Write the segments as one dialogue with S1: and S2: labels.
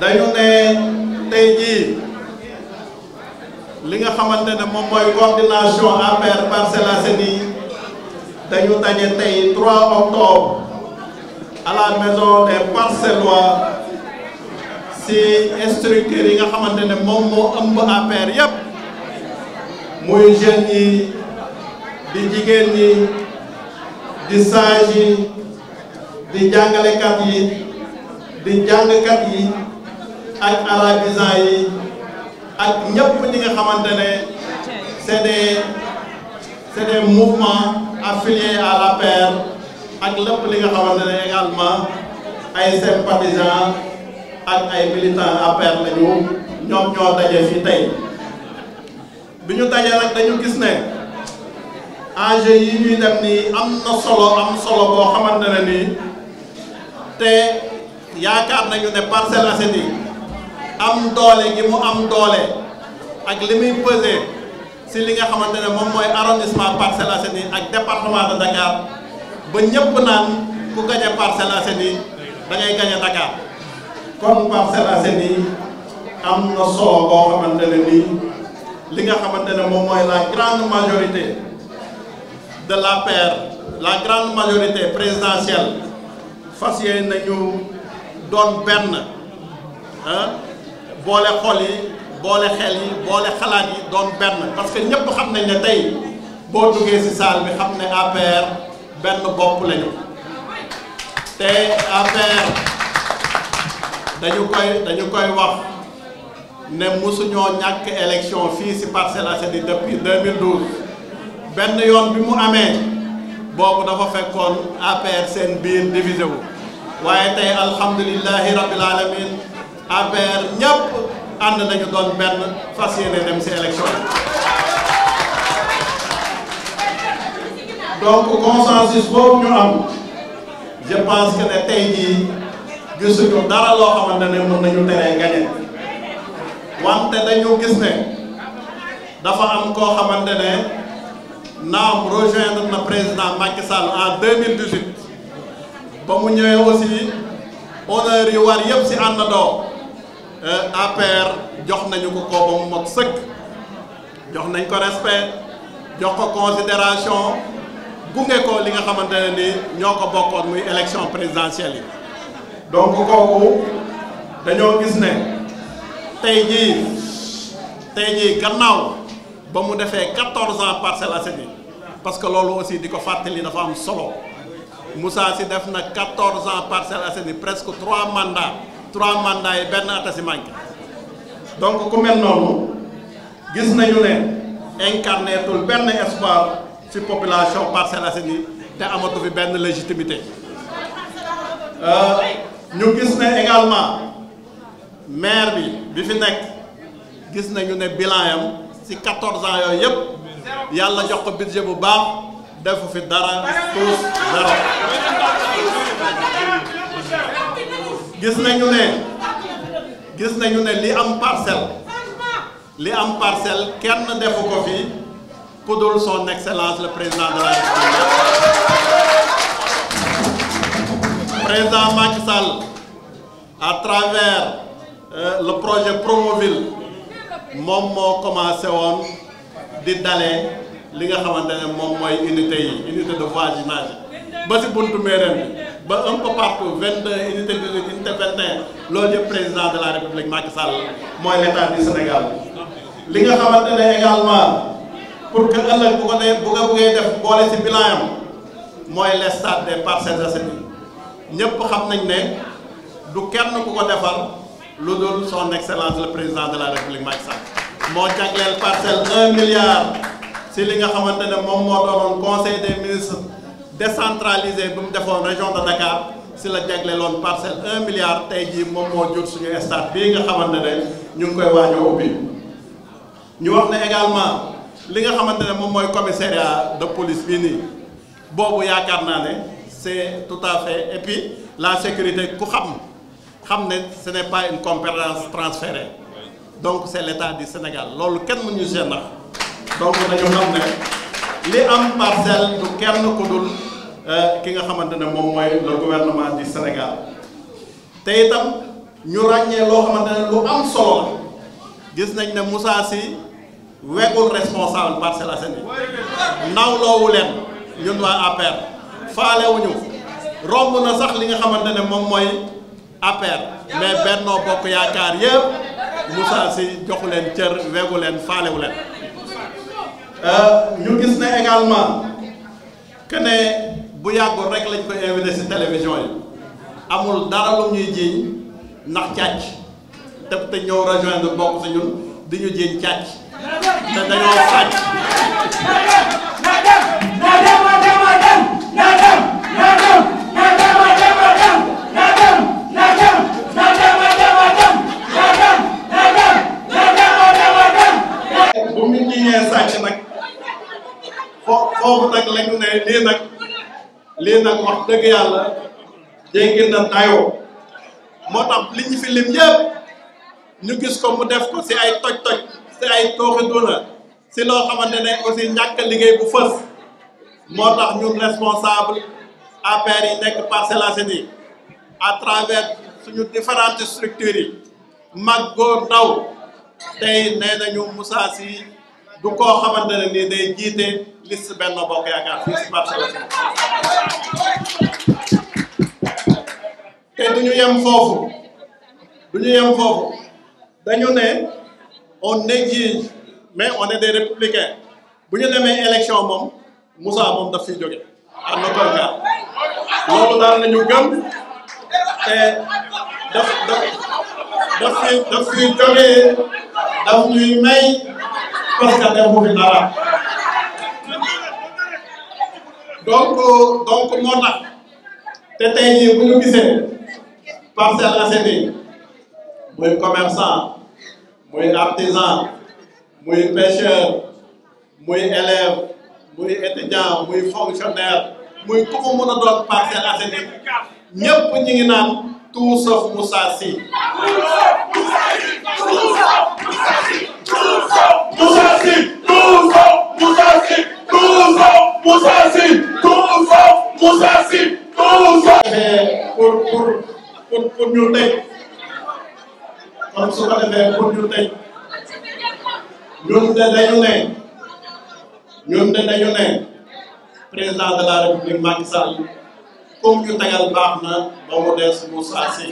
S1: dañu ne tey jii li nga xamante ne moom mooy coordination APR Parcelles Assainies dañu daje tey 3 octobre à la maison des si structure yi nga xamante ne moom moo ëmb APR yépp muy jeunes yi di jigéen ñi di sage yi di jàngalekat yi di jàngkat yi ak arabisants yi ak ñëpp ñi nga xamante ne c'est des c'est des mouvements affiliés ak lépp li nga xamante ne également ay sympathisants ak ay militants APR lañu ñoom ñoo daje fii tey bi ñu daje nag dañu gis ne enjeu yi ñuy dem nii am na solo am solo boo xamante ne nii te yaakaar nañu ne Parcelles Assainies am doole gi mu am doole ak li muy peser si li nga xamante ne moom mooy arrondissement Parcelles Assainies ak département de Dakar ba ñëpp naan ku gañe Parcelles Assainies da gañe Dakar kon Parcelles Assainies am na solo boo xamante ne nii li nga xamante ne moom mooy la grande majorité de l'APR la grande majorité présidentielle fas yéene nañu doon benn boole xol yi boole xel yi boole xalaat yi doon benn parce que ñëpp xam nañ ne tey boo duggee ci salle bi xam ne APR benn bopp lañu te APR dañu koy dañu koy wax ne mosuñoo ñàkk élection fii ci Parcelles Assainies depuis 2012 benn yoon bi mu amee boobu dafa fekkoon APR seen biir divisé wu waaye tey alhamdulilahi rabbil alamin APR ñëpp ànd nañu doon benn fas yéene dem ci élection donc consensus boobu ñu am je pense ne tey gisuñu dara loo xamante ne mën nañu teree gañe wante dañu gis ne dafa am koo xamante ne naam rejoindre na président Macky Sall en 2018 ba mu ñëwee aussi honneur yu war yëpp ci àndandoo Euh, APR jox nañu ko ko ba mu jox nañ ko respect jox ko considération gunge ko li nga xamante ne ni ñoo ko bokkoon muy élection présidentielle yi donc kooku dañoo gis ne tey jii tey jii gannaaw ba mu defee 14 ans Parcelles Assainies parce que loolu aussi di ko fàttali dafa am solo Moussa Sy def na 14 ans Parcelles Assainies presque 3 mandats. trois mandats yi benn at a si donc ku mel noonu gis nañu ne incarné benn espoir ci population Parcelles Assainies te amatu fi benn légitimité euh, ñu gis ne également maire bi bi fi nekk gis nañu ne bilan yam ci quatorze ans yooyu yëpp yàlla jox ko budget bu baax defu fi dara tous zéro gis nañu ne gis nañu ne li am parcelle li am parcelle kenn defu ko fii ku dul son excellence le président de la République président Macky à travers euh, le projet Promoville moom moo commencé woon di dalee li nga xamante ne moom mooy unité yi unité de voisinage ba ci buntu Mérène ba un peu partout 22 unité 18 unité 21 loolu yëpp président de la république Macky Sall mooy l'état du Sénégal li nga xamante ne également pour que ëllëg bu ko dee bu nga buggee def boole ci bilan yam mooy les stades des Parcelles Assainies ñëpp xam nañ ne du kenn ku ko defar lu dul son excellence le président de la république Macky Sall moo jagleel parcelle milliard si li nga xamante ne moom moo doonoon conseil des ministres. décentralisé bi mu defoon région de Dakar si la jagleeloon parcelle un milliard tey jii moom moo jur suñu stade bii nga xamante ne ñu ngi koy waajoo ubbi ñu wax ne également li nga xamante ne moom mooy commissariat de police bii nii boobu yaakaar naa ne c'est tout à fait et puis la sécurité ku xam xam ne ce n'est pas une compétence transférée donc c'est l'État du Sénégal loolu kenn mënuñu seen nax donc dañu xam ne li am parcelle du kenn ku dul euh, ki nga xamante ne moom mooy le gouvernement du Sénégal te itam ñu ràññee loo xamante ne lu am solo gis nañ ne Moussa si wegul responsable Parcelles Assainies ndaw loowu leen ñun waa APR faalewuñu romb na sax li nga xamante ne moom mooy APR mais Benno Bokk Yaakaar yëpp Moussa Sy joxu leen cër wegu leen faalewu leen Euh, ñu gis ne également que ne bu yàggul rek lañ ko invité ci télévision yi amul dara lu ñuy jiiñ ndax càcc te te ñëw rejoindre bokk ci ñun di ñu jiiñ càcc te dañoo sàcc ne lii nag lii nag wax dëgg yàlla jéggi na dayoo moo tax li ñu fi lim ñu gis ko mu def ko si ay toj-toj si ay tooxi duna si loo xamante ne aussi ñàkk liggéey bu fës moo tax ñun responsable APR yi nekk Parcelles Assainies à travers suñu différentes structures yi mag góor ndaw tey nee nañu Moussa Sy du koo xamante ne nii day jiite liste benn bokk yaakaar fii si Parcelles te du ñu yem foofu du ñu yem foofu dañu ne on exige mais on est des bu ñu demee élection moom Moussa moom daf fiy jóge am na konkaar loolu daal nañu gëm te daf daf daf fi daf ñuy may parce euh, que donc moo tax te tey jii bu ñu gisee muy commerçant muy artisan muy pêcheur muy élève muy étudiant muy fonctionnaire muy ku mu mën a doon Parcelles Assainies ñëpp ñu ngi naan tout Macky Sall comme ñu tegal baax na ba mu des Moussa Sy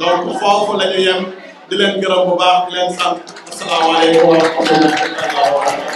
S1: donc foofu la ñu yem di leen gërëm bu baax di leen sant asalaamaaleykum wa rahmatulah